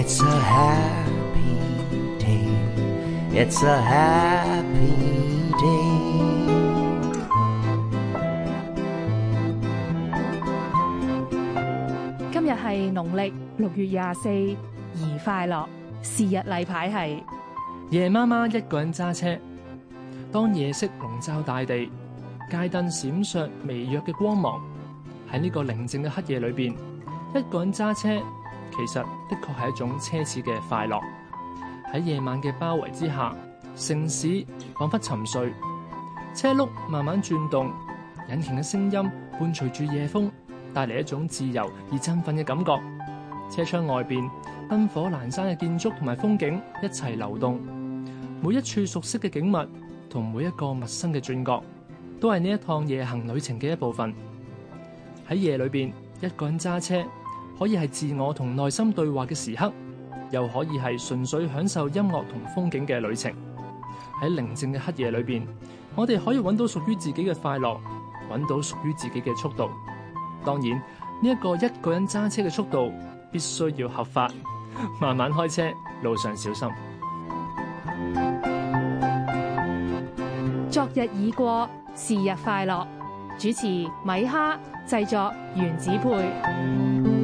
It's a happy day. It's a happy day. 今日係農曆六月廿四，宜快樂。是日例牌係夜媽媽一個人揸車，當夜色籠罩大地，街燈閃爍微弱嘅光芒，喺呢個寧靜嘅黑夜裏邊。一個人揸車，其實的確係一種奢侈嘅快樂。喺夜晚嘅包圍之下，城市仿佛沉睡，車轆慢慢轉動，引擎嘅聲音伴隨住夜風，帶嚟一種自由而振奮嘅感覺。車窗外邊，燈火闌珊嘅建築同埋風景一齊流動，每一處熟悉嘅景物同每一個陌生嘅轉角，都係呢一趟夜行旅程嘅一部分。喺夜裏邊，一個人揸車，可以係自我同內心對話嘅時刻，又可以係純粹享受音樂同風景嘅旅程。喺寧靜嘅黑夜裏邊，我哋可以揾到屬於自己嘅快樂，揾到屬於自己嘅速度。當然，呢一個一個人揸車嘅速度必須要合法，慢慢開車，路上小心。昨日已過，是日快樂。主持米哈，製作原子配。